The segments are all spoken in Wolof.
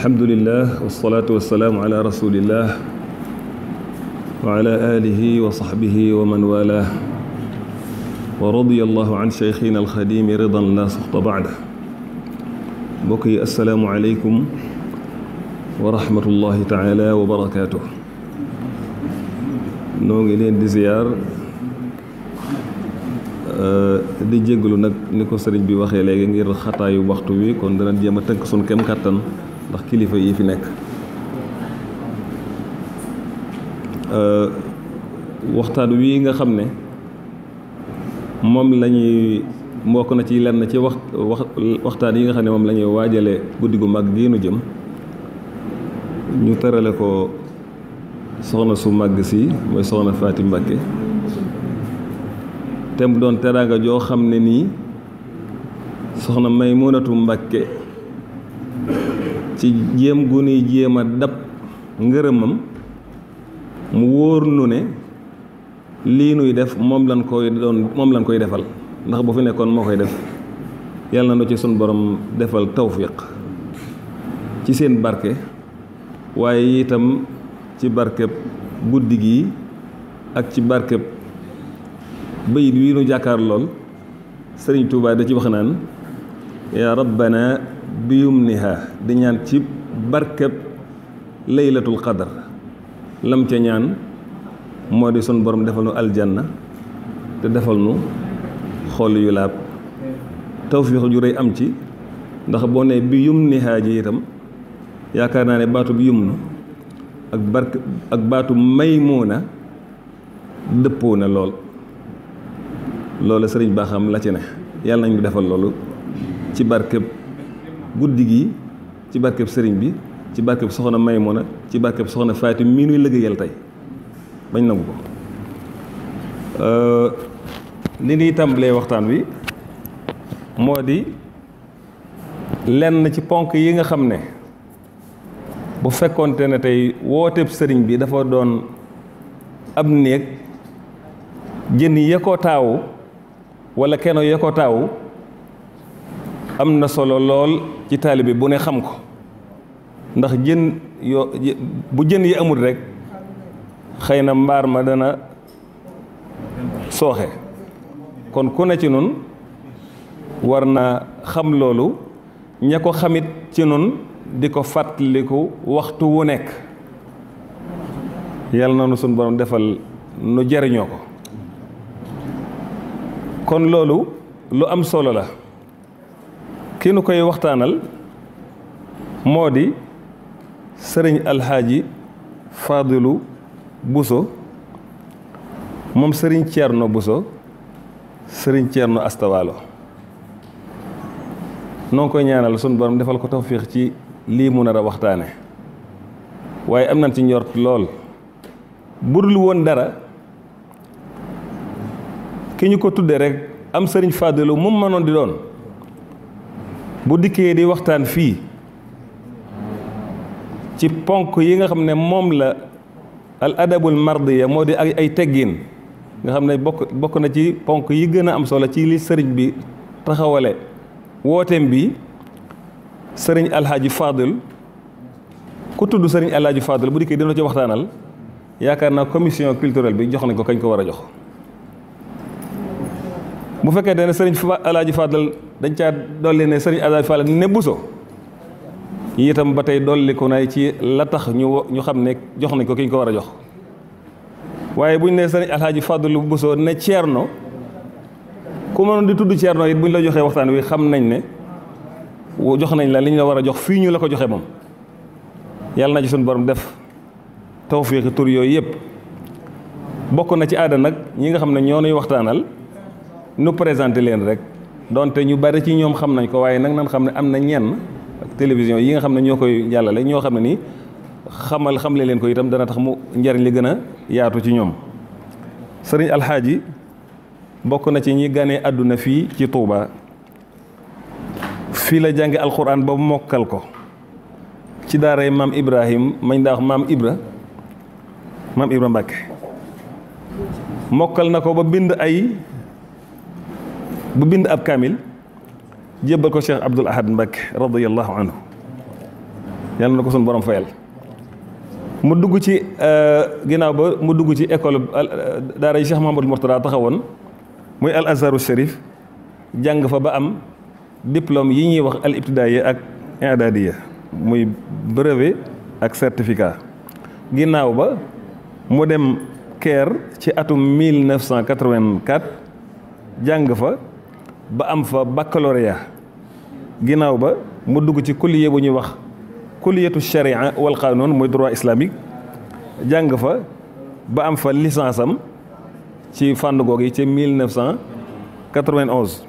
alhamdulillah wasalaatu wasalaamu ala rasulillah wa ala alihi wa saxbihi wa man wala wa radiya allahu an cheikhina alxadimi ridan la suxta baada mbokk yi asalaamu aleykum wa rahmatullahi taala wa barakaatuh noo ngi leen di ziyaar eh, di jéggalu nag ni ko sëriñ bi waxee léegi ngir xataayu waxtu wi kon dana jéem a tënk suñ kem kàttan ndax kilifa yi fi nekk euh, waxtaan wi nga xam ne moom lañuy mbokk na ci lenn ci wax waxtaan yi nga xam ne moom la waajale guddi gu mag gii jëm ñu tërale ko soxna su màgg si mooy soxna Faati Mbàkke te mu doon teraanga joo xam ne nii soxna Maymunatu Mbàkke ci jéem gu nuy jéem a dab ngërëmam mu wóor nu ne lii nuy def moom lañ koy doon moom lañ koy defal ndax bu fi nekkoon moo koy def yàlla na ci sun borom defal tawfiq ci seen barke waaye itam ci barkeb guddi gi ak ci barkeb bayit wi nu jàkkaar lool sëriñ Tuubaa da ci wax naan yaa rabbana bi yumniha di ñaan ci barkeb laylatul qadar lam ca ñaan moo di sun borom defal nu aljanna te defal nu xool yu laab tawfiix ju rëy am ci ndax boo ne yum yumniha ji itam yaakaar naa ne baatu bi yumnu ak barke ak baatu maymuuna dëppoo na lool loolu sëriñ baaxam la ci ne yàlla nañu defal loolu ci barkeb guddi gi ci barkeb sëriñ bi ci barkeb soxna Maymuna ci barkeb soxna Fatim mii nuy liggéeyal tey bañ nangu ko li euh, ñuy tàmbalee waxtaan wi moo di lenn ci ponk yi nga xam ne bu fekkonte ne tey wooteeb sëriñ bi dafa doon ab néeg jën ya taawu wala keno ya ko taawu am na solo lool ci bi bu ne xam ko ndax jën yoo bu jën yi amul rekk xëy na mbaar ma dana sooxe kon ku ne ci nun war naa xam loolu ña ko xamit ci nun di ko fàttaliku waxtu wu nekk yàlla na nu suñ borom defal nu jariñoo ko kon loolu lu am solo la ki nu koy waxtaanal moo di sëriñ alxaaji Fadilu Buso moom sëriñ Ceerno Buso sëriñ Ceerno Astawaalo noo ngi koy ñaanal sun borom defal ko tawfiix ci lii mu nar a waxtaane waaye am nañ ci njort lool budul woon dara ki ñu ko tuddee rek am sëriñ Fadilu mu mënoon di doon bu dikkee di waxtaan fii ci ponk yi nga xam ne moom la al adabul mardiya moo di ay ay teggin nga xam ne bokk bokk na ci ponk yi gën a am solo ci lii sëriñ bi taxawale wooteem bi sëriñ alxaaji Fadil ku tudd sëriñ alxaaji Fadil bu dikkee dina ci waxtaanal yaakaar naa commission culturelle bi jox nañ ko kañ ko war a jox bu fekkee ne sëriñ alxaaji Fadil dañ caa dolli ne sëriñ Azal Fall ne buso itam ba tey dolli ko nay ci la tax ñu ñu xam ne jox nañ ko ki ñu ko war a jox waaye bu ñu nee sëriñ Alxaaji Fàddilu Buso ne Ceerno ku mënoon di tudd Ceerno it bu ñu la joxee waxtaan wi xam nañ ne jox nañ la li ñu la war a jox fii ñu la ko joxe moom yàlla na ci suñu borom def tawfiixi tur yooyu yëpp bokk na ci aada nag ñi nga xam ne ñoo nuy waxtaanal nu présenté leen rek donte ñu bari ci ñoom xam nañ ko waaye nan nan xam ne am na ñenn télévision yi nga xam ne ñoo koy jàllale ñoo xam ne nii xamal xamle leen ko itam dana tax mu njariñ li gën a yaatu ci ñoom sëriñ alxaaji bokk na ci ñi ganee àdduna fii ci Touba fii la jànge alxuraan ba mokkal ko ci daaray maam Ibrahim mañ daa maam Ibra maam Ibra Mbàkke mokkal na ko ba bind ay bu bind ab kaamil jébbal ko Cheikh Abdoul Ahad Mbacké radiyallahu anhu yàlla na ko suñu borom fayal mu dugg ci euh, ginnaaw ba mu dugg ci école euh, daara yi Cheikh Mouhamadou Mourtada taxawoon muy al azharu sharif jàng fa ba am diplôme yi ñuy wax al ibtidaaya ak i'daadiya muy brevet ak certificat ginnaaw ba mu dem Caire ci atum 1984 jàng fa ba am fa baccalauréat ginnaaw ba mu dugg ci kulliye bu ñuy wax kulliyatu sharia wal qanun mooy droit islamique jàng fa ba am fa licence ci fànn goog yi ci 1991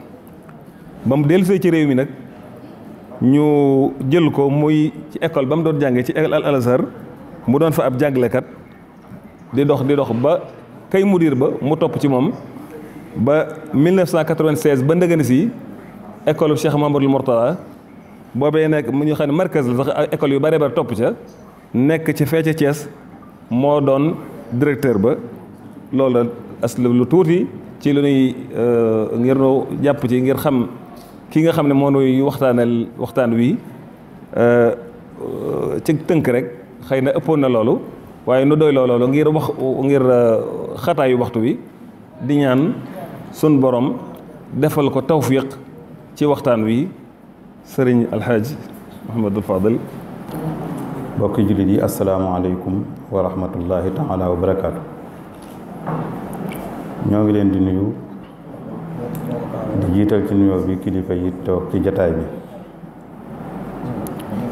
ba mu dellusee ci réew mi nag ñu jël ko muy ci école ba mu doon jàngee ci école al azhar mu doon fa ab jàngalekat di dox di dox ba kay mudir ba mu topp ci moom ba 1996 ba ndëgën si école Cheikh Mamadou Mourtada boobee nekk mu ñu xam ne markaz la sax école yu bare bare topp ca nekk ci fee ca Thiès moo doon directeur ba loolu la as lu tuuti ci lu nuy euh, ngir noo jàpp ci ngir xam ki nga xam ne moo nuy waxtaane waxtaan wi euh, ci tënk rek xëy na ëppoon na loolu waaye nu doy loolu ngir wax ngir euh, xataayu waxtu wi di ñaan sun boroom defal ko tawfiq ci waxtaan wi sëriñ alxaaji Mouhamadou Fadel mbokki jullit yi asalaamaaleykum wa rahmatullahi taala wa barakaatu ñoo ngi leen di nuyu di jiital ci nuyoo bi kilifa yi toog ci jataay bi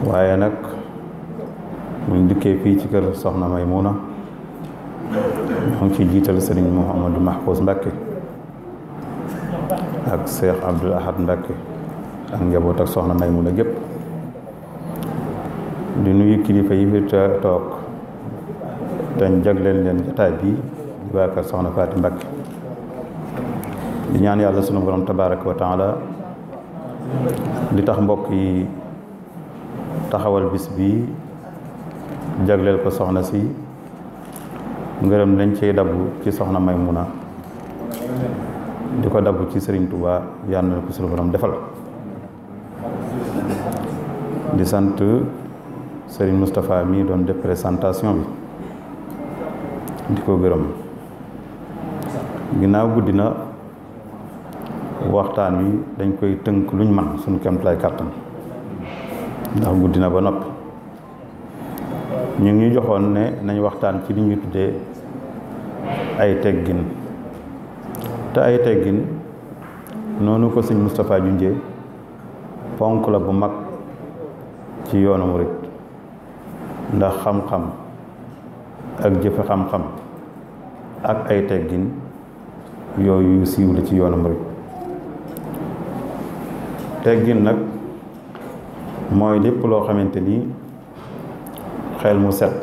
waaye nag muñ dikkee fii ci kër soxna Maymuna ñoo ngi ci jiital sëriñ Mouhamadou Mahfouz Mbacke ak seex Abdul Ahad Mbacke ak njaboot ak soxna Maymuna gépp di nuyu kilifa yi fi toog te jagleen leen jataay bi di waa soxna Faati Mbacke di ñaan yàlla sunu borom tabaaraka wa taala di tax mbokk yi taxawal bis bi jagleel ko soxna si ngërëm lañ cey dabu ci soxna Maymuna di ko dabu ci sëriñ Touba yàlla na ko suñu borom defal di sant sëriñ Moustapha mii doon def présentation bi di ko gërëm ginnaaw guddi na waxtaan wi dañ koy tënk luñ man suñ kemtalaay kàttan ndax guddi na ba noppi ñu ngi joxoon ne nañ waxtaan ci li ñuy tuddee ay teggin te ay teggin noonu ko sëñ Moustapha junjee ponk la bu mag ci yoonu murit ndax xam-xam ak jëfe xam-xam ak ay teggin yooyu siiw la ci yoonu murit teggin nag mooy lépp loo xamante ni xel mu set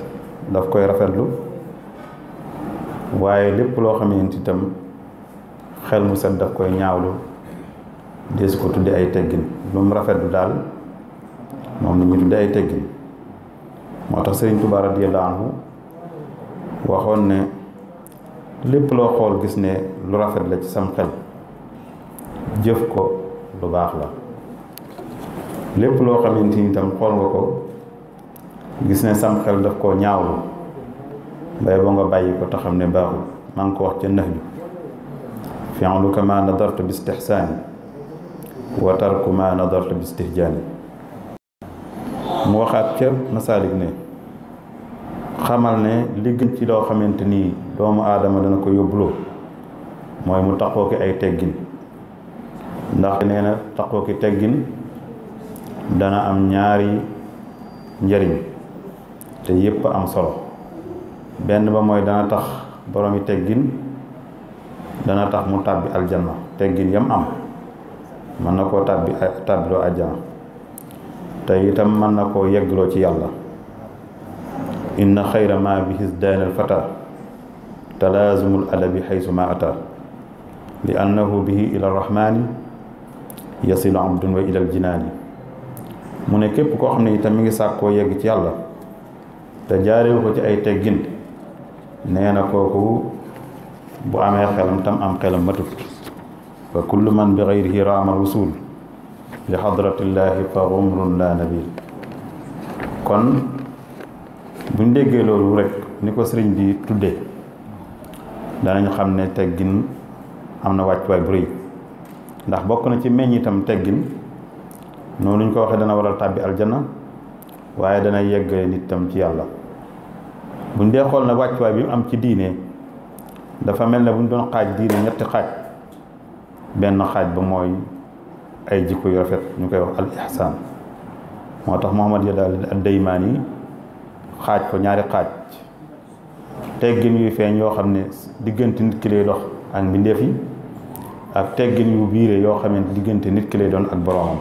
daf koy rafetlu waaye lépp loo xamante itam xel mu set daf koy ñaawlu des ko tudde ay teggin lu mu rafetlu daal moom la ñu tudde ay teggin moo tax Sëriñ Tuubaa radiyallaahu anhu waxoon ne lépp loo xool gis ne lu rafet la ci sam xel jëf ko lu baax la lépp loo xamante ni tam xool nga ko gis ne sam xel daf koo ñaawlu mbay boo nga bàyyi ko te xam ne baaxul maa ngi ko wax ca nax fi'luka ma nadarta bi istihsaani wa tarku ma nadarta bi istihjaani mu waxaat ca masaalik ne xamal ne li ci loo xamante nii doomu aadama dana ko yóbbuloo mooy mu taxoo ki ay teggin ndax nee na taxoo ki teggin dana am ñaari njariñ te yépp am solo benn ba mooy dana tax boroomi teggin dana tax mu tàbbi aljanna teggin yam am mën na koo tàbbi tàbbiloo aljanna te itam mën na koo yeggloo ci yàlla inna xayra ma bi hisdaan alfata talaazumul adabi xaysu ma ata li annahu bihi ila rahmaani yasilu abdun wa ila aljinaani mu ne képp koo xam ne itam mi ngi sàkkoo yegg ci yàlla te jaarewu ko ci ay teggin nee kooku bu amee xelam tam am xelam matut ku kullu man bi xayrihi raama rusul li xadratillaahi fa umrun la nabil kon buñ déggee loolu rek ni ko sëriñ bi tuddee danañu xam ne teggin am na wàccuwaay bu rëy ndax bokk na ci meññitam teggin noonu ñu ko waxee dana waral tàbbi aljana waaye dana yeggale nit tam ci yàlla buñ dee xool na wàccuwaay bi mu am ci diine dafa mel ne bu ñu doon xaaj diine ñetti xaaj benn xaaj ba mooy ay jikko yu rafet ñu koy wax al ihsaan moo tax Muhammad Yadaali ad-Daymaani xaaj ko ñaari xaaj teggin yu feeñ yoo xam ne diggante nit ki lay dox ak mbindeef yi ak teggin yu biire yoo xam ne diggante nit ki lay doon ak boroomam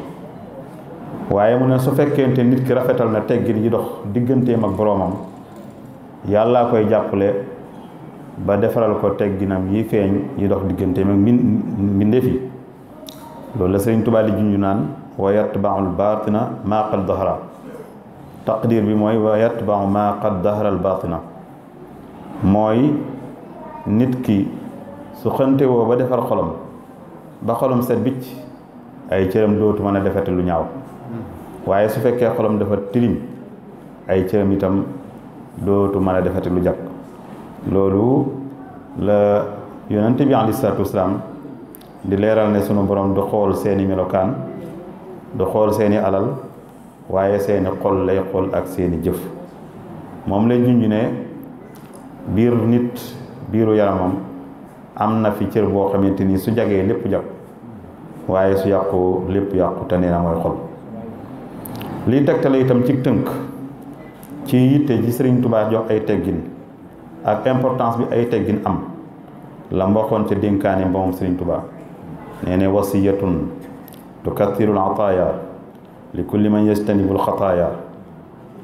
waaye mu ne su fekkente nit ki rafetal na teggin yi dox digganteem ak boroomam yàllaa koy jàppale ba defaral ko tegginam yi feeñ yi dox diggante ak mbindeef fi loolu la sëriñ Tuubaa di junju naan wa yatbaul baatina maa qad dahara taqdir bi mooy wa yatbau maa qad dahara baatina mooy nit ki su xëntewoo ba defar xolom ba xolam set bicc ay cëram dootu mën a defete lu ñaaw waaye su fekkee xolam dafa tilim ay cëram itam dootu mën a defete lu jàpp loolu la yonent bi alayhi salaatu di leeral ne sunu borom du xool seeni melokaan du xool seeni alal waaye seeni xol lay xool ak seeni jëf moom lay junj ne biir nit biiru yaramam am na fi cër boo xamante ni su jagee lépp jag waaye su yàqu lépp yàqu te nee na mooy xol liy tegtale itam ci tënk ci yitte ji Sëriñ Tuubaa jox ay teggin ak importance bi ay teggin am la mbokkoon ca dénkaane ba moom Sëriñ Tuubaa nee ne wasiyatun tukathiru li kulli man yajtanibu al-xataaya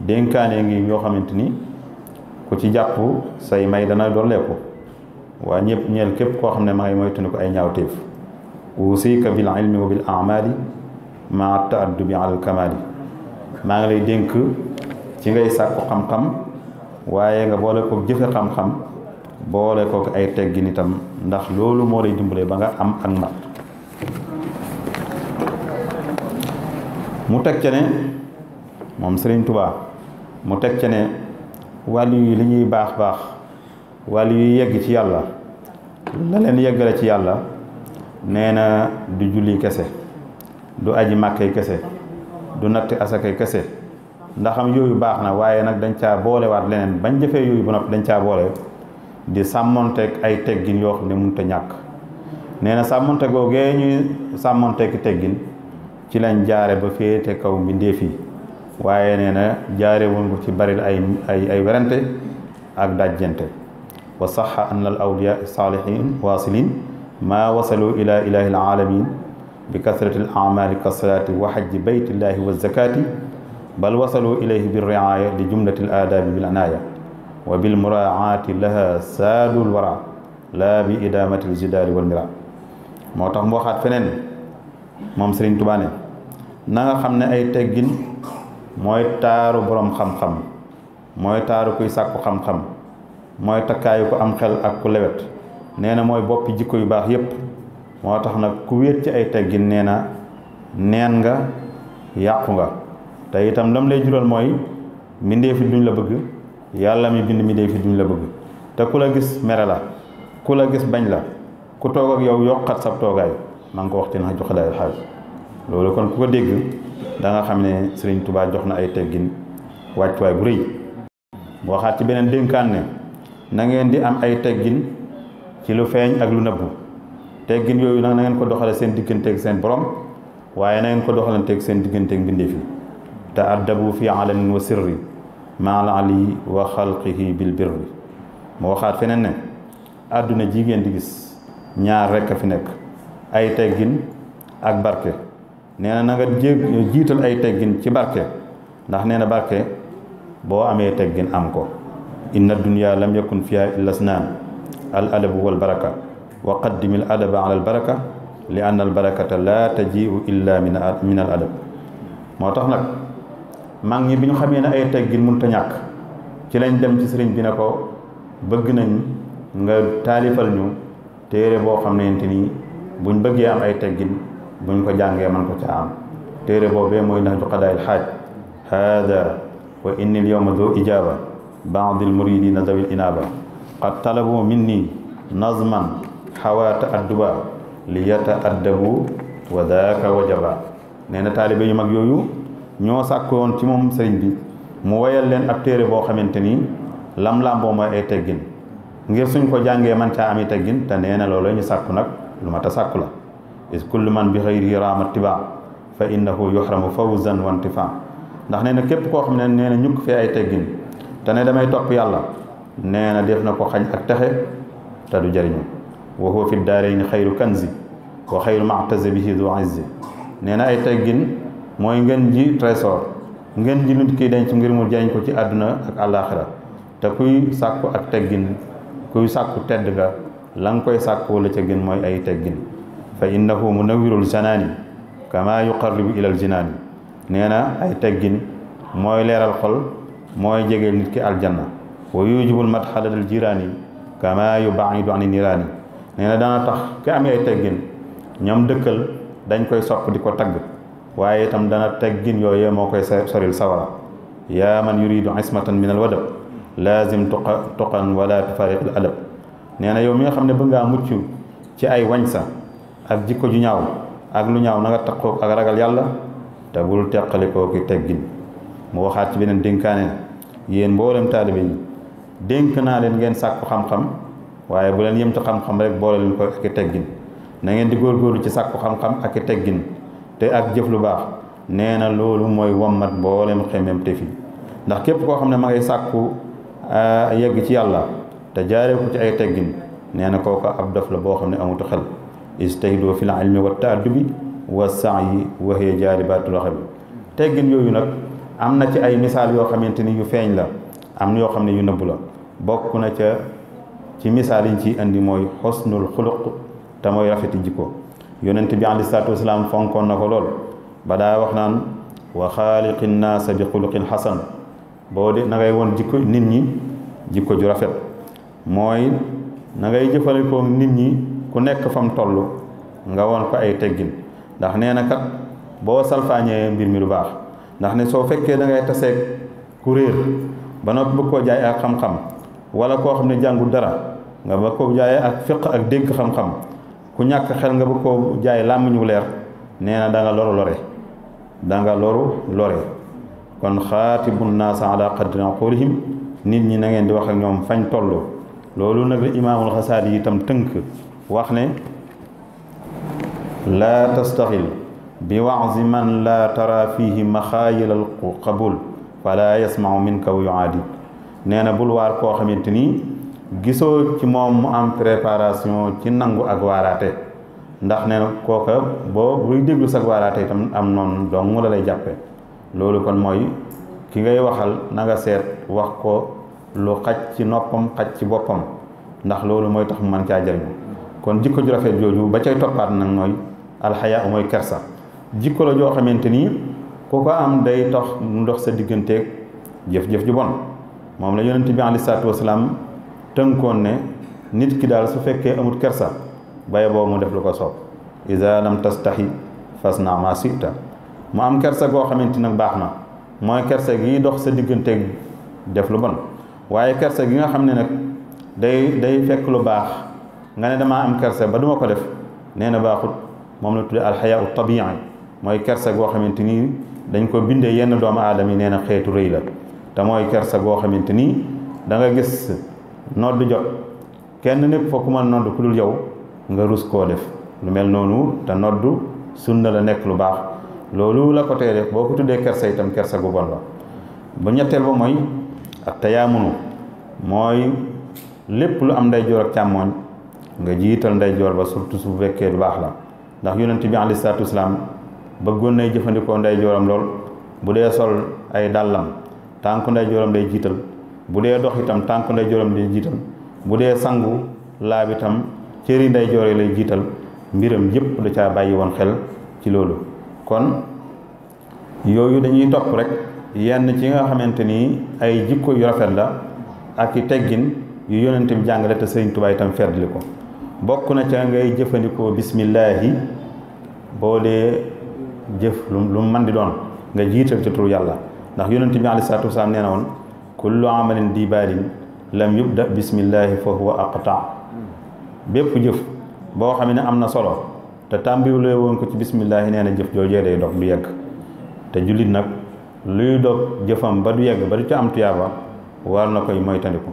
dénkaane ngi yoo xamante ni ku ci jàpp say may dana dolleeku waa ñëpp ñeel képp koo xam ne ma ngay ko ay ñaawteef usiika bil ilmi wa bil amali maa taaddubi alal kamaali maa ngi lay dénk ci ngay sàkku xam-xam waaye nga boole kook jëfe xam-xam boole kook ay teggin itam ndax loolu moo lay dimbale ba nga am ak mat mu teg ca ne moom Sëriñ Tuubaa mu teg ca ne wàll yi li ñuy baax baax wàll yu yegg ci yàlla la leen yeggale ci yàlla nee na du julli kese du aji màkkay kese du natt asakay kese ndaxam yooyu baax na waaye nag dañ caa boolewaat leneen bañ jëfee yooyu ba noppi dañ caa boole di sàmmonteeg ay teggin yoo xam ne mun a ñàkk nee na sàmmonte googee ñuy sàmmonteeg teggin ci lañ jaare ba féete kaw mbindeef yi waaye nee na jaare woon ko ci baril ay ay ay werante ak dajjante wa saxa an al awliya saalihin waasilin maa wasalu ila ilahi alaalamin bi kasrati al amali ka salaati wa xajji baytillahi wa zakaati bal wasalu ilayhi bir riaya li jumlati l aadaabi bil anaaya wa bil muraaati laha saadul wara laa bi idaamati l jidaali moo tax mu waxaat feneen moom Sëriñ Tuubaa ne xam ne ay teggin mooy taaru boroom xam-xam mooy taaru kuy sàkku xam-xam mooy takkaayu ko am xel ak ku lewet nee na mooy boppi jikko yu baax yépp moo tax nag ku wéet ci ay teggin nee na neen nga yàqu nga te itam lam lay jural mooy mbindee fi duñ la bëgg yàlla mi bind mbindee fi duñ la bëgg te ku la gis mere la ku la gis bañ la ku toog ak yow yokkat sab toogaay maa ngi ko wax ci nax joxe daal xaalis loolu kon ku ko dégg da nga xam ne Sëriñ Tuubaa jox na ay teggin wàccuwaay bu rëy waxaat ci beneen dénkaan ne na ngeen di am ay teggin ci lu feeñ ak lu nëbbu teggin yooyu nag na ngeen ko doxale seen digganteeg seen borom waaye na ngeen ko doxalanteeg seen digganteeg mbindeef yi te addabu fi alanin wa sirri maal ali wa xalqihi bil mu waxaat feneen ne àdduna jigéen di gis ñaar rekk a fi nekk ay teggin ak barke neena na na nga jiital ay teggin ci barke ndax nee na barke boo amee teggin am ko inna dunya lam yakun fiha illa asnaan al adabu wal baraka wa qaddimi al adaba al baraka li anna al barakata la tajiu illa min al adab moo tax nag mag ñi bi ñu xamee na ay teggin mënut ta ñàkk ci lañ dem ci sëriñ bi na ko bëgg nañ nga taalifal ñu téere boo xam ne ni buñ bëggee am ay teggin buñ ko jàngee man ko caa am téere boobee mooy nax ju xadaayil xaaj haada wa inni l yowma do ijaaba baadi l muridina dawil inaaba qad talabu minni nazman xawaata adduba li yata addabu wa daaka wajaba nee na yu mag yooyu ñoo sàkk woon ci moom sëriñ bi mu woyal leen ab téere boo xamante ni lam làmboo mooy ay teggin ngir suñ ko jàngee man caa ami teggin te nee na loolu ñu sàkku nag lu mat a sàkku la is kullu man bi xëyri raama tibaa fa innahu yuxramu fawzan wa intifaa ndax nee na képp koo xam ne nee na ñukk fi ay teggin te ne damay topp yàlla nee na def na ko xañ ak texe te du jëriñu wa huwa fi daarayni xayru kanzi wa xayru mactazi bihi du izzi nee na ay teggin mooy ngeen ji trésor ngeen ji nit ki denc ngir mu jariñ ko ci àdduna ak àllaaxira te kuy sàkku ak teggin kuy sàkku tedd nga la koy sàkku la ca gën mooy ay teggin fa innahu munawwirul janaani yu yuqarribu ilal jinaani nee na ay teggin mooy leeral xol mooy jege nit ki foo aljanna wa yujibul madxalatal jiraani kama yuba'idu ani niraani nee neena dana tax ki amee ay teggin ñoom dëkkal dañ koy sopp di ko tagg waaye itam dana teggin yooyee moo koy soril sawara yaa man yuridu ismatan min al wadab laazim tuqa tuqan wala tufariq al adab nee na yow mi nga xam ne bëgg ngaa mucc ci ay wañ ak jikko ju ñaaw ak lu ñaaw na nga taqoo ak ragal yàlla te bul teqalikoo ki teggin mu waxaat ci beneen dénkaane yéen mboolem taalibe yi dénk naa leen ngeen sàkku xam-xam waaye bu leen yem ci xam-xam rek boole leen ko ak i teggin na ngeen di góorgóorlu ci sàkku xam-xam ak teggin te ak jëf lu baax nee na loolu mooy wammat mboolem xemem te fii ndax képp koo xam ne ma ngay sàkku euh, yegg ci yàlla te jaaree ko ci ay teggin nee na kooku ab dof la boo xam ne amutu xel istahido fil ilmi wa taaddubi wa yi waxee jaaribaatu jaalibatul raxabi teggin yooyu nag am na ci ay misaal yoo xamante ni yu feeñ la am na yoo xam ne yu nëbb la bokk na ca ci misaal yiñ ciy indi mooy xosnul xuluq te mooy rafeti jikko yonent bi aleyhi salaatu wasalaam fonkoon na ko lool ba daa wax naan wa xaaliqi nnaasa bi xuluqin xasan boo de na ngay woon jikko nit ñi jikko ju rafet mooy na ngay jëfandikoo nit ñi ku nekk fam toll nga woon ko ay teggin ndax nee na kat boo salfaañee mbir mi lu baax ndax ne soo fekkee da ngay taseeg ku réer ba noppi bëgg koo jaay ak xam-xam wala koo xam ne jàngul dara nga bëgg ko jaay ak fiq ak dégg xam-xam ku ñàkk xel nga bëgg ko jaay làmmiñ wu leer nee na da nga loru lore da nga loru lore kon xaatibu naasa ala qadri aqoolihim nit ñi na ngeen di wax ak ñoom fañ toll loolu nag la imaamul xasaadi yi itam tënk wax ne laa tastaxil bi wazi man laa tara fihi maxaayil al qabul fala yasmacu minka wa yuaadi nee bul waar koo xamante nii gisoo ci moom mu am préparation ci nangu ak waaraate ndax ne kooka boo buy déglu sag waaraate itam am noon dong la lay jàppe loolu kon mooy ki ngay waxal na seet wax ko lu xaj ci noppam xaj ci boppam ndax loolu mooy tax mu mën caa jariñu kon jikko ju rafet jooju ba cay toppaat nag mooy alxayaa mooy kersa jikko la joo xamante ni ku am day tax mu dox sa digganteeg jëf-jëf ju bon moom la yonent bi aleyhi salaatu wasalaam tënkoon ne nit ki daal su fekkee amut kersa baye boo mu def lu ko soob iza lam tastahi fasna ma sita mu am kersa goo xamante nag baax na mooy kersa gi dox sa digganteeg def lu waaye kersa gi nga xam ne nag day day fekk lu baax nga ne damaa am kersa ba duma ko def nee na baaxut moom la tuddee alxayaa u tabian mooy kersa goo xamante ni dañ ko bindee yenn doomu aadama yi nee na xeetu rëy la te mooy kersa goo xamante ni da nga gis nodd du jot kenn nekk fa ku mën nodd ku dul yow nga rus koo def lu mel noonu te nodd sunna la nekk lu baax loolu la ko tee boo ko tuddee kersa itam kerse gu bon ba bu ñetteel ba mooy ak tayaamunu mooy lépp lu am ndeyjoor ak càmmooñ nga jiital ndeyjoor ba surtout su fekkee lu baax la ndax yu yonent bi alayhi salaatu wasalaam bëggoon nay jëfandikoo nday ndeyjooram lool bu dee sol ay dàllam tànku ndeyjooram day jiital bu dee dox itam tànk nday joram lay jiital bu dee sangu laab itam cëri nday joore lay jiital mbiram yépp da caa bàyyi woon xel ci loolu kon yooyu dañuy topp rek yenn ci nga xamante ni ay jikko yu rafet la ak i teggin yu yonente bi jàngale te sëriñ Tuubaa itam ferdli ko bokk na ca ngay jëfandikoo bismillaahi boo dee jëf lu lu mën di doon nga jiital ci turu yàlla ndax yonente bi aleyhi salaatu wasalaam nee na woon kullu amalin dibaalin lam yubda bismillahi fa huwa aqta bépp jëf boo xam ne am na solo te tàmbiwulee woon ko ci bismillahi nee na jëf joojee day dog du yegg te jullit nag luy dog jëfam ba du yegg ba du ca am tuyaaba war na koy moytandiku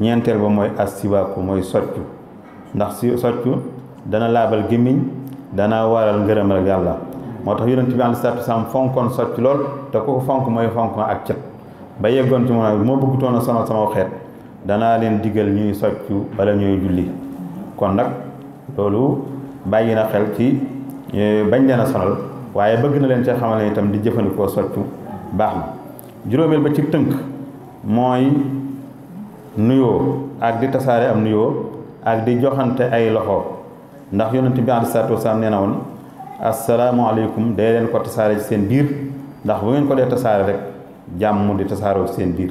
ñeenteel ba mooy assiwaaku mooy soccu ndax si soccu dana laabal gémmiñ dana waral ngërëmal yàlla moo tax yonent bi alayhi salaatu wa salaam fonkoon soccu lool te ku ko fonk mooy fonk ak cet ba yeggoon ci moom bu toon a sonal sama xeet danaa leen digal ñuy soccu bala ñooy julli kon nag loolu bàyyi na xel ci e, bañ leen a sonal waaye bëgg na leen ci xamal ne itam di jëfandikoo soccu baax na juróomeel ba ci tënk mooy nuyoo ak di tasaare am nuyoo ak di joxante ay loxo ndax yonent bi alayhi salaatu wasalaam nee na woon asalaamaaleykum day leen ko tasaare ci seen biir ndax bu ngeen ko dee tasaare rek jàmm di tasaaroo seen biir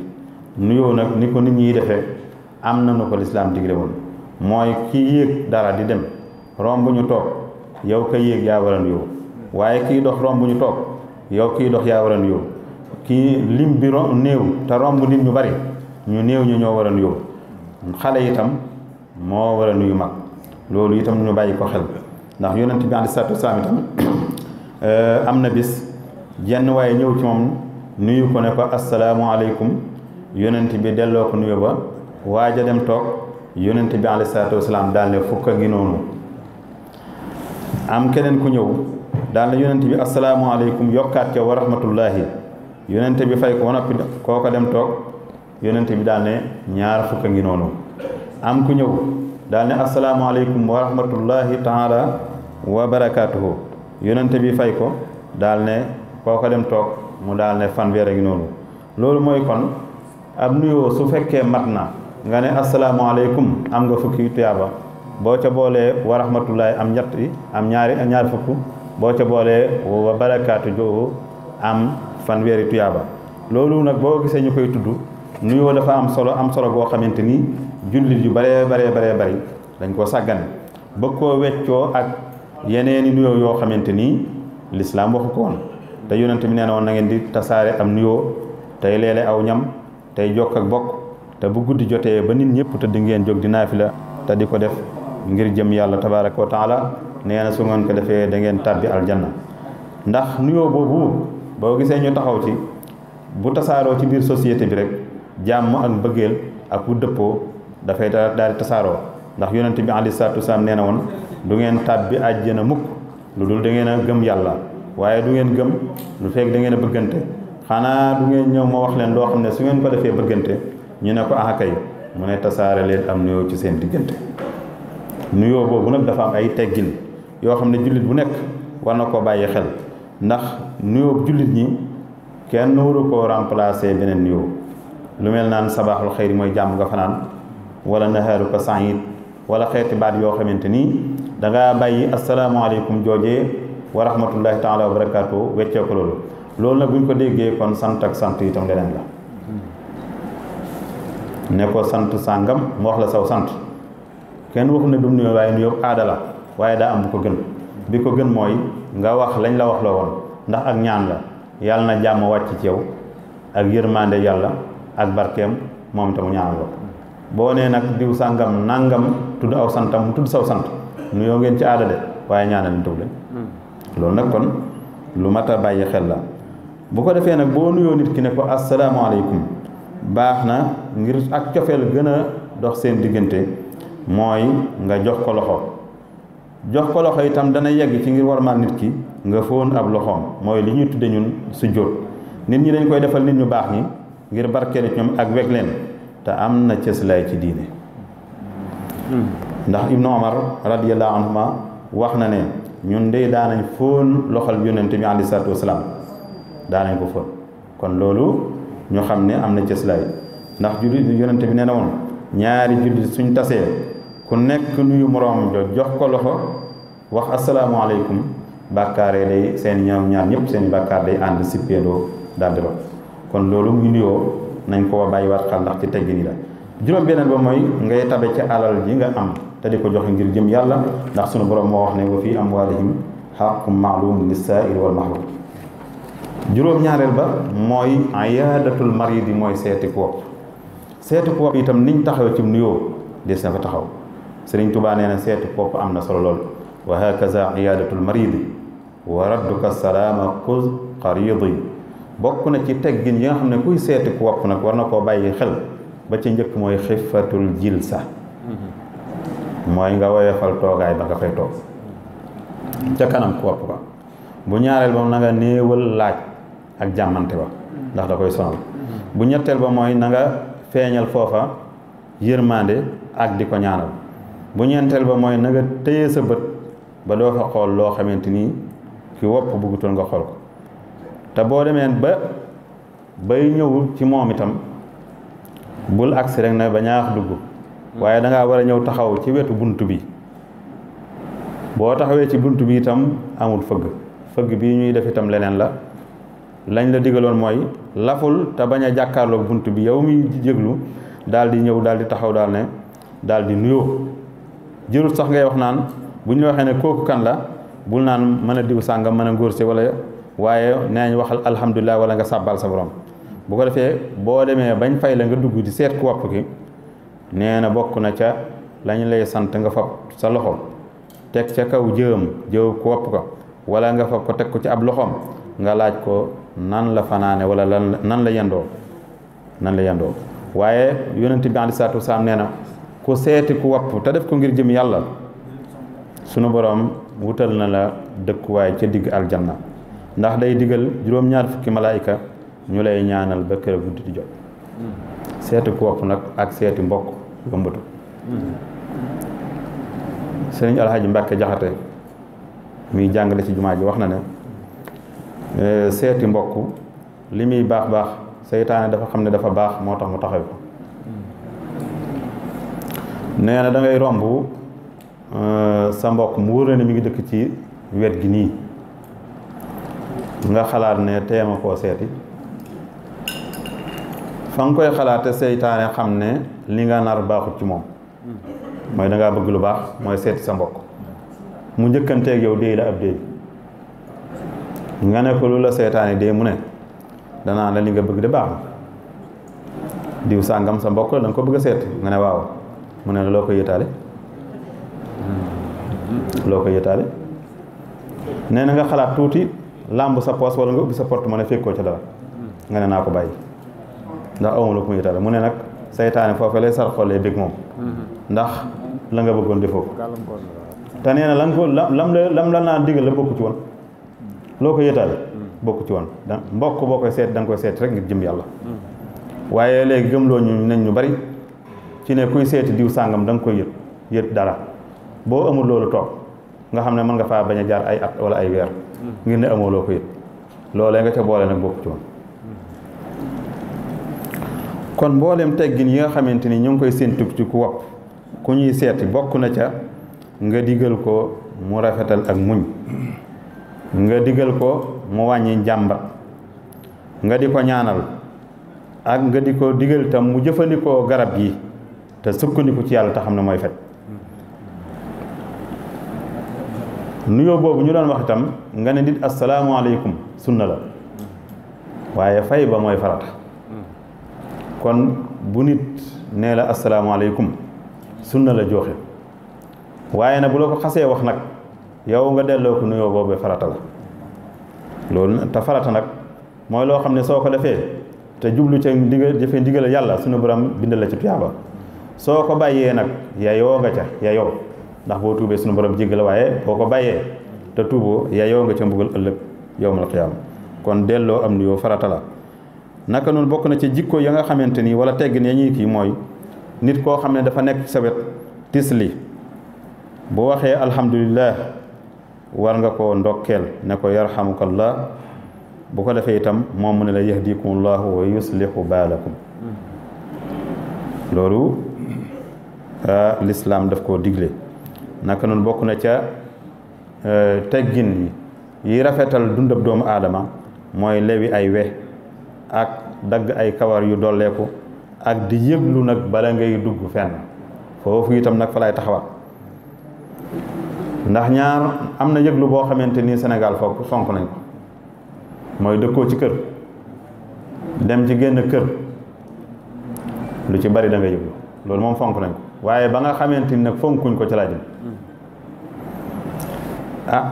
nuyoo nag ni ko nit ñiy defee am na nu ko lislaam digle woon mooy kii yéeg dara di dem romb ñu toog yow ka yéeg yaa war a nuyoo waaye kii dox romb ñu toog yow kii dox yaa war a nuyoo kii lim bi néew te romb nit ñu bari ñu néew ñu ñoo war a nuyoo xale itam moo war a nuyu mag loolu itam ñu bàyyi ko xel ndax yonent bi alayhi euh, am na bis jenn waaye ñëw ci moom nuyu ko ne ko asalaamualeykum yonent bi delloo ko nuyu ba waaj dem toog yonent bi alayhi salaatu wasalaam daal ne fukk ngi noonu am keneen ku ñëw daal ne yonent bi asalaamualeykum yokkaat ca wa rahmatullahi bi fay ko ba noppi dem toog yonent bi daal ne ñaar fukk ngi noonu am ku ñëw daal ne asalaamaaleykum wa rahmatullahi taala wa barakaatuhu yonent bi fay ko daal ne koo dem toog mu daal ne fanweer ak noonu loolu mooy kon ab nuyoo su fekkee mat na nga ne asalaamaaleykum am nga fukki tuyaaba boo ca boolee wa rahmatullahi am ñetti am ñaari ñaari fukk boo ca boolee wa barakaatu joo am fanweeri tuyaaba loolu nag boo gisee ñu koy tudd nuyoo dafa am solo am solo goo xamante ni jullit yu baree baree baree bari dañ koo sàggane bëgg koo weccoo ak yeneeni nuyoo yoo xamante ni lislaam waxu ko woon te yonent bi nee na woon na ngeen di tasaare am nuyoo tey leele aw ñam tey jokk ak bokk te bu guddi jotee ba nit ñëpp tëdd ngeen jóg di la te di ko def ngir jëm yàlla tabaraka wa taala nee na su ngeen ko defee da ngeen tàbbi aljanna ndax nuyoo boobu boo gisee ñu taxaw ci bu tasaaroo ci biir société bi rek jàmm ak mbëggeel ak bu dëppoo dafay daal di tasaaroo ndax yonent bi aleyhi salaatu wasalaam nee na woon du ngeen tàbbi àjjana mukk lu dul da ngeen a gëm yàlla waaye du ngeen gëm lu fekk da ngeen a bëggante xanaa du ngeen ñëw ma wax leen loo xam ne su ngeen ko defee bëggante ñu ne ko ah kay mu ne tasaare leen am nuyoo ci seen diggante nuyoo boobu nag dafa am ay teggin yoo xam ne jullit bu nekk war na koo bàyyi xel ndax nuyoo jullit ñi kenn waru koo remplacer beneen nuyoo lu mel naan sabaaxul xëyri mooy jàmm nga fanaan wala nahaaru ko sa'id wala xeeti baat yoo xamante nii da ngaa bàyyi asalaamaaleykum joojee wa rahmatullahi taala wa barakaatu weccee ko loolu loolu nag bu ñu ko déggee kon sant ak sant itam leneen la ne ko sant sàngam mu wax la saw sant kenn waxu ne du nuyoo waaye nuyoo aada la waaye daa am bu ko gën bi ko gën mooy nga wax lañ la wax la woon ndax ak ñaan la yàlla na jàmm wàcc ci yow ak yërmande yàlla ak barkeem moom itam mu ñaanal boo nee nag diw sàngam nangam tudd aw santam mu tudd saw sant nuyoo ngeen ci aada de waaye ñaanal ñu tëb loolu nag kon lu mat a bàyyi xel la bu ko defee nag boo nuyoo nit ki ne ko asalaamaaleykum baax na ngir ak cofeel gën a dox seen diggante mooy nga jox ko loxo jox ko loxo itam dana yegg ci ngir warmaal nit ki nga fóon ab loxoom mooy li ñuy tudde ñun sujjóot nit ñi dañ koy defal nit ñu baax ni ngir barkeelu ñoom ak weg leen te am na cëslaay ci diine hmm. ndax ibnu omar radiyallahu anhuma wax na ne ñun de daanañ fóon loxol yonent mi aleyhi salaatu wasalaam daanañ ko fóon kon loolu ñu xam ne am na cëslaay ndax jullit yonent bi ne na woon ñaari jullit suñ tasee ku nekk nuyu moroom jo jox ko loxo wax asalaamualeykum bàkkaaree day seen ñoom ñaar ñëpp seen bàkkaar day ànd sippeendoo daldi rot kon loolu mu nuyoo nañ ko bàyyi waat xel ndax ci teggin yi la juróom beneen ba mooy ngay tabe ci alal yi nga am te di ko joxe ngir jëm yàlla ndax sunu boroom moo wax ne wa fi amwaalihim xaqum maalum lissaa'il wal mahrum juróom-ñaareel ba mooy ayaadatul maridi mooy seeti ku wopp seeti wopp itam niñ taxaw ci nuyoo des na fa taxaw Sëriñ Tuubaa nee na seeti ku wopp am na solo lool wa hakaza iyaadatul maridi wa radduka salaama quz qaridi bokk na ci teggin yi nga xam ne kuy seeti ku nag war na koo bàyyi xel ba ci njëkk mooy xifatul jilsa mooy nga woyofal toogaay ba nga fay toog ca kanam kopp ba bu ñaareel ba nanga nga néewal laaj ak jàmmante ba ndax da koy sonal bu ñetteel ba mooy nanga nga feeñal foofa yërmande ak di ko ñaanal bu ñeenteel ba mooy na nga téye sa bët ba doo fa xool loo xamante ni ki wopp bëggutoon nga xool ko te boo demee ba bay ñëw ci moom itam bul agsi rek na ba ñaax dugg waaye danga war a ñëw taxaw ci wetu bunt bi boo taxawee ci bunt bi itam amul fëgg fëgg bii ñuy def itam leneen la lañ la digaloon mooy laful te bañ a jàkkaarloog bunt bi yow mi jéglu daal di ñëw daal di taxaw daal ne daal di nuyoo jërul sax ngay wax naan bu ñu waxee ne kooku kan la bul naan mën a diw sàngam mën a ngóor si wala waaye nee nañ waxal alhamdulilah wala nga sàbbal sa borom bu ko defee boo demee bañ fay la nga dugg di seet ku wopp nee na bokk na ca lañ lay sant nga fab sa loxo teg ca kaw jëm jëw ko wopp ko wala nga fab ko teg ko ci ab loxoom nga laaj ko nan la fanaane wala lan nan la yendoo nan la yendoo waaye yonent bi aleyhi saatu wasalaam nee na ku seeti ku wopp te def ko ngir jëm yàlla sunu borom wutal na la dëkkuwaay ca digg aljanna ndax day digal juróom-ñaar fukki malaayika ñu lay ñaanal ba kër guddi di jot hmm. seeti ku wopp nag ak seeti mbokk yombatu sëriñ alxaaji mbàkke jaxate muy jàngale ci jumaa ji wax na ne e, seeti mbokk li muy baax baax seytaane dafa xam ne dafa baax moo tax mu taxaw ko nee na da romb e, sa mbokk mu na ne mi ngi dëkk ci wet gi nii nga xalaat ne teema koo seeti fa nga koy xalaate seytaane xam ne li nga nar baaxut ci moom mooy dangaa bëgg lu baax mooy seet sa mbokk mu njëkkanteeg yow déy la ab déy nga ne ko lu la seytaane dee mu ne danaa la li nga bëgg de baax na diw sàngam sa mbokk la danga ko bëgg a seet nga ne waaw mu ne loo ko yëtaale loo ko yëtaale nee na nga xalaat tuuti làmb sa poos wala nga ubbi sa porte-monnaie fekkoo ca dara nga ne naa ko bàyyi ndax aw ko muy dara mu ne nag saytaane foofe lay sar xollee bég moom mm-hmm. ndax la nga bëggoon defoo ko te nee na la ko la lam la lam la naa digal la bokku ci woon mm. loo ko yëtaale mm. bokku ci woon da mbokk boo koy seet danga koy seet rek ngir jëm yàlla mm. waaye léegi gëmloo ñu nañ ñu bari ci ne kuy seeti diw sàngam da nga koy yët yët dara boo amul loolu toog nga xam ne mën nga faa bañ jaar ay at wala ay weer ngir ne amoo loo ko yët loolee nga te boole nag bokku ci kon mboolem teggin yi nga xamante ni ñu ngi koy séentu ci ku wopp ku ñuy seeti bokk na ca nga digal ko mu rafetal ak muñ nga digal ko mu wàññi njàmba nga di ko ñaanal ak nga di ko digal tam mu jëfandikoo garab yi te sukkandiku ci yàlla te xam ne mooy fet nuyoo boobu ñu doon wax itam nga ne nit asalaamaaleykum sunna la waaye fay ba mooy farata kon bu nit nee la asalaamaaleykum sunna la jooxe waaye nag bu la ko xasee wax nag yow nga delloo ko nuyoo boobu farata la loolu te farata nag mooy loo xam ne soo ko defee te jublu ca ndigal jëfe la yàlla sunu borom bindal la ci tuyaaba soo ko bàyyee nag yayoo nga ca yayoo ndax boo tuubee sunu borom la waaye boo ko bàyyee te tuuboo yayoo nga ca mbugal ëllëg yowmal qiyaama kon delloo am nuyoo farata la naka noonu bokk na ca jikko ya nga xamante ni wala teggin ya ñuy kii mooy nit koo xam ne dafa nekk sa wet tisli bu waxee alhamdulilah war nga koo ndokkeel ne ko yar yarhamukallah bu ko defee itam moom mu ne la yahdikumullahu wa yuslihu baalakum loolu ah, lislaam def koo digle naka noonu bokk na ca eh, teggin yi yi rafetal dundab doomu aadama mooy lewi ay we ak dagg ay kawar yu dolleeku ak di yëglu nag bala ngay dugg fenn foofu itam nag fa lay taxawaat ndax ñaar am na yëglu boo xamante ni Sénégal foofu sonk nañ ko mooy dëkkoo ci kër dem ci génn kër lu ci bari da nga yëglu loolu moom fonk nañ ko waaye ba nga xamante ni nag fonkuñ ko ci laa jëm ah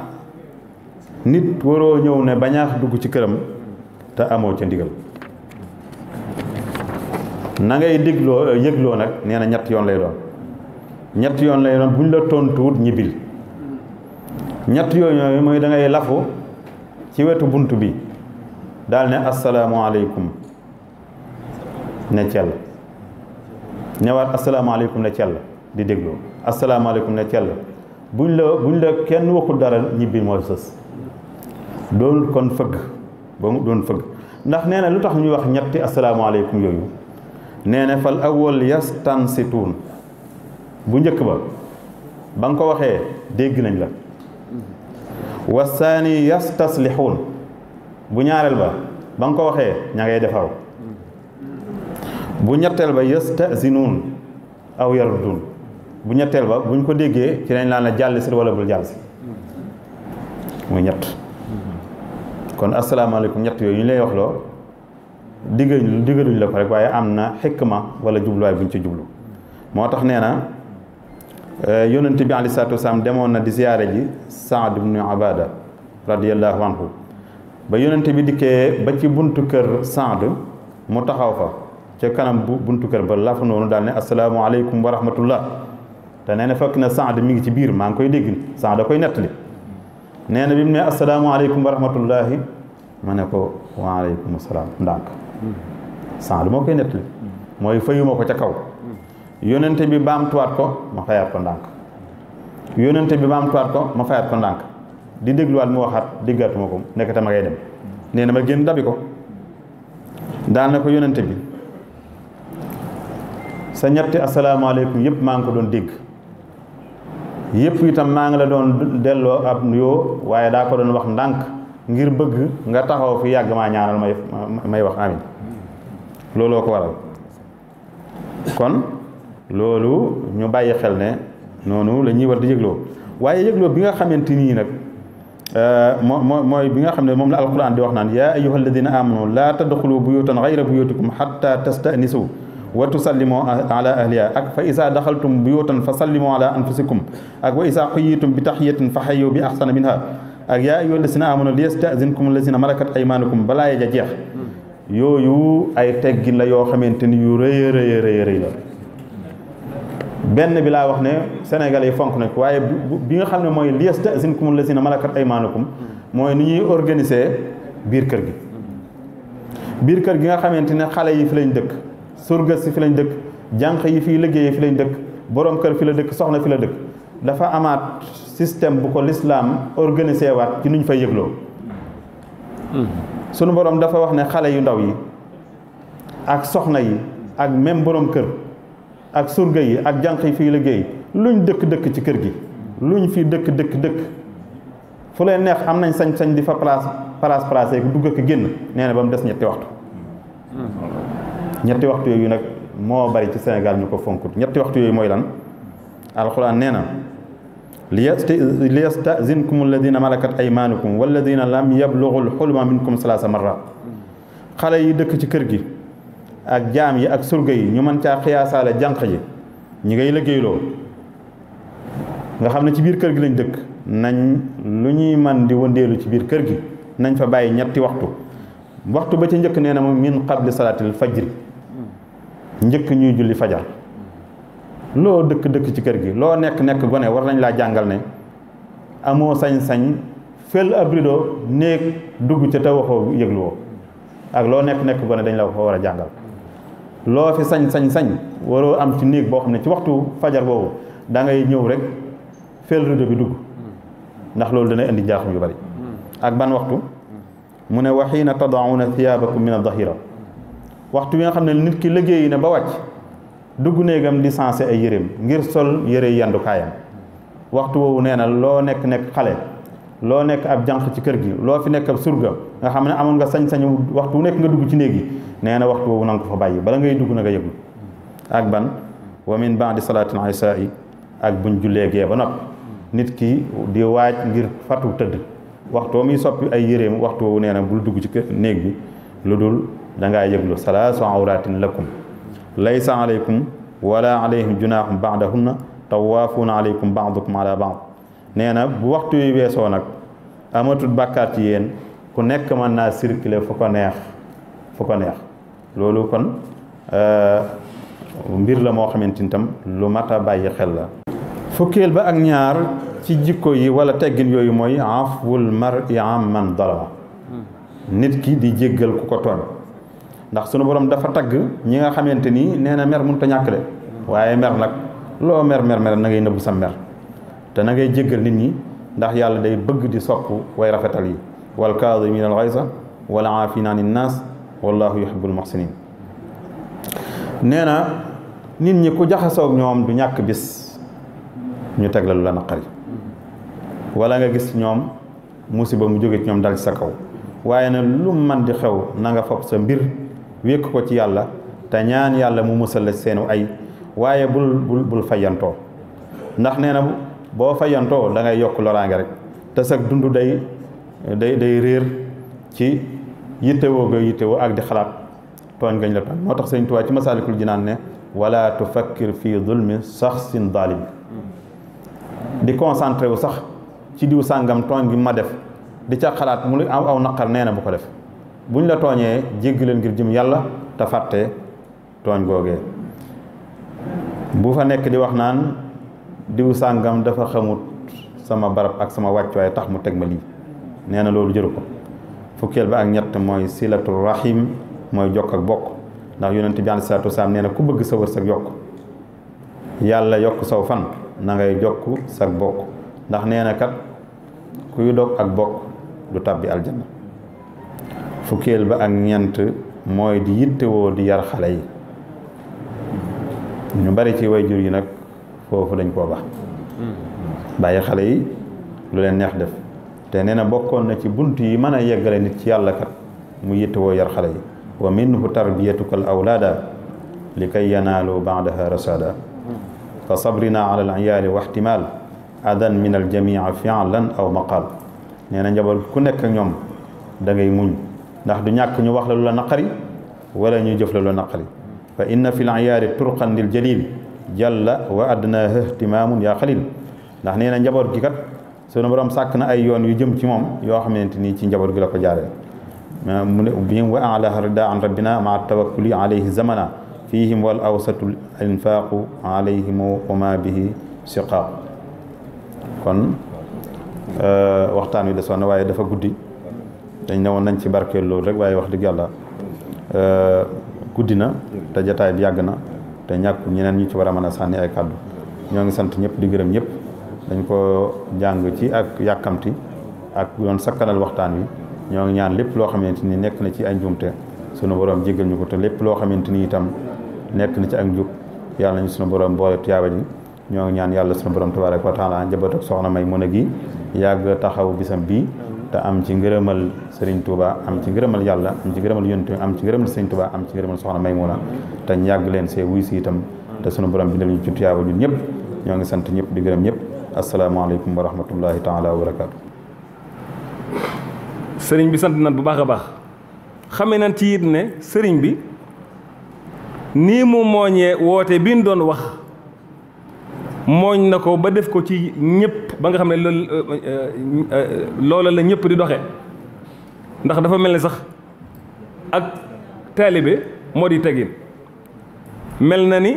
nit waroo ñëw ne bañaax dugg ci këram te amoo ca ndigal nangay dégloo euh, yëgloo nag nee na ñett yoon lay doon ñett yoon lay doon buñ la tontuwut ñibbil ñett yoon yooyu mooy da ngay lafu ci wetu bunt bi daal ne asalaamaaleykum ne cell ñëwaat asalaamaaleykum ne cell di dégloo asalaamaaleykum ne cell buñ la buñ la kenn waxul dara ñibbil mooy sës doo kon fëgg ba mu doon fëgg ndax nee na lu tax ñuy wax ñetti asalaamaaleykum yooyu nee na fal awwal yastansituun bu njëkk ba ba nga ko waxee dégg nañ la wasaani yastaslixuun bu ñaareel ba ba nga ko waxee ña ngay defaru bu ñetteel ba yastazinuun aw yarduun bu ñetteel ba buñ ko déggee ci lañ laa la jàll si wala bul jàll si muy ñett kon asalaamaaleykum ñett yooyu ñu lay waxloo diggañ diggaluñ la ko rek waaye am na xikma wala jubluwaay buñ ci jublu moo tax nee na eh, yonent bi àll salaatu wasalaam demoon na di ziyaare ji Saad ibnu Abada radiyallahu anhu ba yonent bi dikkee ba ci buntu kër Saad mu taxaw fa ca kanam bu buntu kër ba la fa noonu daal ne asalaamaaleykum wa rahmatullah te nee na fekk na Saad mi ngi ci biir maa ngi koy dégg Saad da koy nettali nee na bi mu ne asalaamaaleykum wa rahmatullahi ma ne ko waaleykum salaam ndànk sans lu moo koy nettali mm. mooy fayuma ko ca kaw mm. yonente bi baamtuwaat ko ma fayaat ko ndànk yonente bi baamtuwaat ko ma fayaat ko ndànk di dégluwaat mu waxaat déggaatuma ko nekkata ma ngay dem mm. nee na ma génn dabi ko daan na ko yonente bi sa ñetti asalaamaaleykum yëpp maa ngi ko doon dégg yëpp itam maa ngi la doon delloo ab nuyoo waaye daa ko doon wax ndànk ngir bëgg nga taxaw fi yàgg maa ñaanal may may wax amin looloo ko waral kon loolu ñu bàyyi xel ne noonu lañuy ñuy war di yëgloo waaye yëgloo bi nga xamante nii nag euh, moo moo bi nga xam ne moom la alquran di wax naan yaa ayuha alladina amanu laa tadxulu buyutan gayra buyutikum xatta tastanisu wa tusallimu ala ahliha ak fa isa daxaltum buyutan fa sallimu ala anfusikum ak wa isa xuyitum bi taxiyatin fa xayu bi axsana minha ak yaa ayyuha llazina amanu liyastazinkum allazina malakat aymanukum balaa ya jeex hmm. yooyu ay teggin la yoo xamante ni yu rëy rëy rëy rëy la benn bi laa wax ne Sénégal yi fonk nag waaye bi nga xam ne mooy liyastazinkum allazina malakat aymanukum hmm. mooy ni ñuy organiser biir kër gi hmm. biir kër gi nga xamante ne xale yi fi lañ dëkk surga si fi lañ dëkk jànq yi fi liggéey fi lañ dëkk borom kër fi la dëkk soxna fi la dëkk dafa amaat système bu ko lislaam organisé waat ci nuñ fay yëgloo sunu borom dafa wax ne xale yu ndaw yi ak soxna yi ak même boroom kër ak surga yi ak janq yi fi liggéey luñ dëkk-dëkk ci kër gi lu ñu fi dëkk dëkk dëkk fu leen neex am nañ sañ-sañ di fa place place place yi dugg ak génn nee na ba mu des ñetti waxtu ñetti waxtu yooyu nag moo bari ci senegal ñu ko fonkut ñetti waxtu yooyu mooy lan alxuraan nee na liyastazinkum alladina malakat aymanukum walladina lam yablughul xulma minkum salaasa marra xale yi dëkk ci kër gi ak jaam yi ak surga yi ñu man caa xiyaasaale jànq ji ñi ngay liggéeyloo nga xam ne ci biir kër gi lañ dëkk nañ lu ñuy man di wëndeelu ci biir kër gi nañ fa bàyyi ñetti waxtu waxtu ba ca njëkk nee na moom min qabli salaatil fajri njëkk ñuy julli fajar loo dëkk-dëkk ci kër gi loo nekk-nekk gone war nañ laa jàngal ne amoo sañ-sañ fël ab rido néeg dugg ci te waxoo yëglu ak loo nekk-nekk gone dañ la ko war a jàngal loo fi sañ-sañ-sañ waroo am ci néeg boo xam ne ci waxtu fajar boobu dangay ñëw rek fël rido bi dugg ndax loolu dana indi njaaxum yu bari ak ban waxtu mu ne waxiina tadauna thiyabakum min adahira waxtu bi xam ne nit ki liggéey na ba wàcc dugg néegam di sensé ay yëreem ngir sol yére yandukaayam waxtu woowu nee na loo nekk nekk xale loo nekk ab janq ci kër gi loo fi nekk ab surga nga xam ne amoon nga sañ-sañu waxtu wu nekk nga dugg ci néeg yi nee na waxtu woowu na nga ko fa bàyyi bala ngay dugg na nga yëglu ak ban wa min ba'di salaatil isaa'i ak buñ jullee gee ba nopp nit ki di waaj ngir fatu tëdd waxtoo muy soppi ay yëreem waxtu woowu nee na bul dugg ci kër néeg bi lu dul dangaa yëglu salaasu awratin lakum laysa alaykum wala alayhim junaahum baadahunna tawaafuuna alaykum baadukum ala baad nee na bu waxtu yu weesoo nag amatul bàkkaar yéen ku nekk mën naa circuler fu ko neex fu neex loolu kon euh, mbir la moo xamante ni lu mat a bàyyi xel la fukkeel ba ak ñaar ci jikko yi wala teggin yooyu mooy afwul mar'i man dalama hmm. nit ki di jéggal ku ko tooñ ndax sunu borom dafa tagg ñi nga xamante ni nee na mer mënut a ñàkk de waaye mer nag loo mer mer mer na ngay nëbbu sa mer te na ngay jéggal nit ñi ndax yàlla day bëgg di sopp way rafetal yi wal kaadimiina al gayza wal aafina ani naas wallaahu yuhibbul muhsinin nee na nit ñi ku jaxasoog ñoom du ñàkk bis ñu teg la lu wala nga gis ñoom musiba mu jóge ci ñoom dal ci sa kaw waaye nag lu man di xew nanga nga fopp sa mbir wékk ko ci yàlla te ñaan yàlla mu musal la seenu ay waaye bul bul bul fayantoo ndax nee na boo fayantoo da ngay yokk loraange rek te sag dund day day day réer ci yittewoo nga yittewoo ak di xalaat tooñ gañ la tooñ moo tax sëñ Tuubaa ci masaalikul jinaan ne wala tufakkir fii zulmi saxsin zalim di concentré wu sax ci diw sàngam tooñ gi ma def di ca xalaat mu lu aw naqar nee na bu ko def buñ la tooñee jégg leen ngir jëm yàlla te fàtte tooñ googee bu fa nekk di wax naan diw sàngam dafa xamut sama barab ak sama wàccuwaay tax mu teg ma lii nee na loolu jëru ko fukkeel ba ak ñett mooy silatu rahim mooy jokk ak bokk ndax yonent bi alayhi salaatu wasalaam nee na ku bëgg sa wërsëg yokk yàlla yokk saw fan na ngay jokk sa bokk ndax nee na kat kuy dog ak bokk du tàbbi aljanna fukkeel ba ak ñeent mooy di yittewoo di yar xale yi ñu bari ci way jur yi nag foofu lañ koo ba bàyyi xale yi lu leen neex def te nee na bokkoon na ci bunt yi mën a yeggale nit ci yàlla kat mu yittewoo yar xale yi wa minhu tarbiyatuka al awlaada li kay yanaalu baadaha rasada fa sabrina ala al iyaali wa ihtimaal adan min al jamia fialan aw maqaal nee na ku nekk ñoom da muñ ndax du ñàkk ñu wax la lu la naqari wala ñu jëf la lu la naqari fa inna fi l'iyaari turqan lil jalil jalla wa adnaaha ihtimaamun yaa xalil ndax nee na njaboot gi kat sunu borom sàkk na ay yoon yu jëm ci moom yoo xamante ni ci njaboot gi la ko jaaree mu ne bihim wa alaha rida an rabbina maa tawakkuli alayhi zamana fihim wal awsatu infaaqu alayhim wa ma bihi siqaaq kon euh, waxtaan wi desoon na waaye dafa guddi dañ ne woon nañ ci barkeel loolu rek waaye wax dëgg yàlla euh, guddi na te jataay bi yàgg na te ñàkkul ñeneen ñu ci war a mën a sànni ay kàddu ñoo ngi sant ñëpp di gërëm ñëpp dañ ko jàng ci ak yàkkamti ak yoon sakkanal waxtaan wi ñoo ngi ñaan lépp loo xamante ni nekk na ci ay njuumte sunu borom jéggal ñu ko te lépp loo xamante ni itam nekk na ci ak njub yàlla ñu sunu borom boole tuyaaba ji ñoo ngi ñaan yàlla sunu borom tabaaraka wa taala njaboot May mën a gi yàgg taxaw bisam bii te am ci ngërëmal sëriñ Touba am ci ngërëmal yàlla am ci ngërëmal yonent am ci ngërëmal Serigne Touba am ci ngërëmal soxna Maymuna te ñu yàgg leen see wuy si te sunu borom bi ñu ci tuyaaba ñun ñëpp ñoo ngi sant ñëpp di gërëm ñëpp asalaamaaleykum wa rahmatullahi taala wa barakaatu. sëriñ bi sant nañ bu baax a baax xamee nañ ci it ne sëriñ bi nii mu mooñee woote bi ñu doon wax. mooñ na ko ba def ko ci ñépp ba nga xam ne loolu euh, euh, euh, loola la ñëpp di doxe ndax dafa mel ni sax ak taalibe moo di teggin mel na ni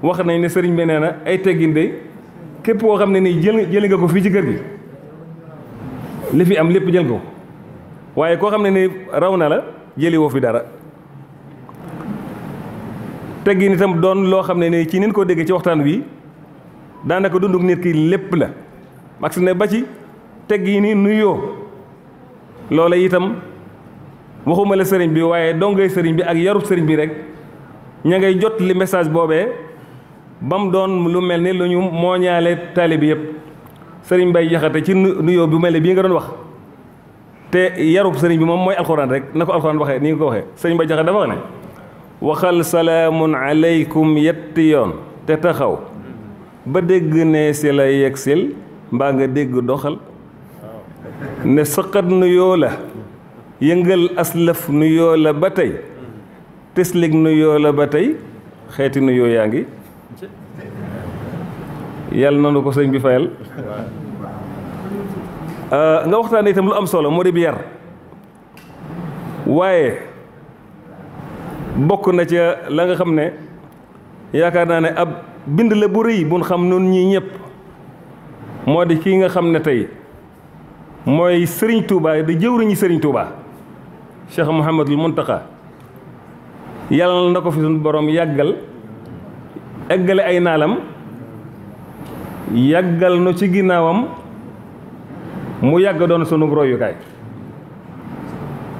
wax nañ ne sëriñ bi nee na ay teggin de képp koo xam ne nii jël jëli nga ko fii ci kër bi li fi am lépp jël nga ko waaye koo xam ne nii raw na la jëli woo fi dara teggin itam doon loo xam ne nii ci neen koo déggee ci waxtaan wi daanaka dunduk nit ki lépp la max ba ci tegg yi ni nuyoo loola itam waxuma la sëriñ bi waaye dongay sëriñ bi ak yarub sëriñ bi rek ña ngay jot li message boobee ba mu doon lu mel ni lu ñu mooñaale taali bi yëpp sëriñ bay jaxate ci nuyoo bu mel ne bii nga doon wax te yarub sëriñ bi moom mooy alxuraan rek na ko alxuraan waxee ni nga ko waxee sëriñ bay jaxate dafa wax ne waxal salaamun aleykum yetti yoon te taxaw ba dégg ne si la yegsil mbaa nga dégg doxal ne sëqat nu yoo la yëngal aslaf nu la ba tey teslig nu la ba tey xeeti nu yaa ngi yàlla nanu ko sëñ bi fayal euh, nga waxtaane itam lu am solo moo yar waaye bokk na ca la nga xam ne yaakaar naa ne ab bind la bu rëy bu xam noonu ñii ñëpp moo di kii nga xam ne tey mooy sëriñ Touba di jëwriñu Serigne Touba Cheikh Mouhamadul Mountakha yàlla na ko fi suñu borom yàggal eggale ay naalam yàggal nu ci ginnaawam mu yàgg doon sunu royukaay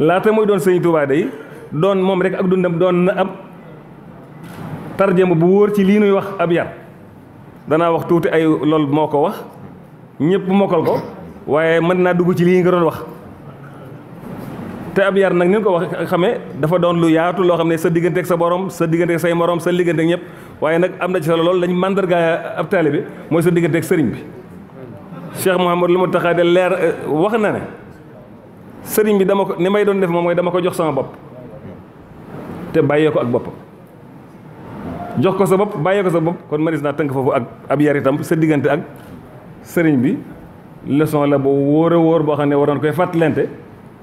laata muy doon Serigne Touba day doon moom rek ak dundam doon na ab. tarjama bu wóor ci lii nuy wax ab yar danaa wax tuuti ay lool moo ko wax ñëpp mokkal ko waaye mën naa dugg ci lii nga doon wax te ab yar nag ni ko wax xamee dafa doon lu yaatu loo xam ne sa diggante ak sa borom sa diggante ak say morom sa diggante ak ñëpp waaye nag am na ci solo loolu lañ mandarga ab taalibe mooy sa diggante ak sëriñ bi Cheikh Mouhamadou lu ma taxaa de leer euh, wax na ne sëriñ bi dama ko ni may doon def moom mooy dama ko jox sama bopp te bàyyee ko ak boppam jox ko sa bopp bàyyee ko sa bopp kon maris naa tënk foofu ak ab yar itam sa diggante ak sëriñ bi leçon la boo wóor wóor boo xam ne waroon koy fàttalante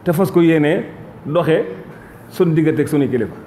te fas ko yéenee doxee sun diggante ak sunuy kilifa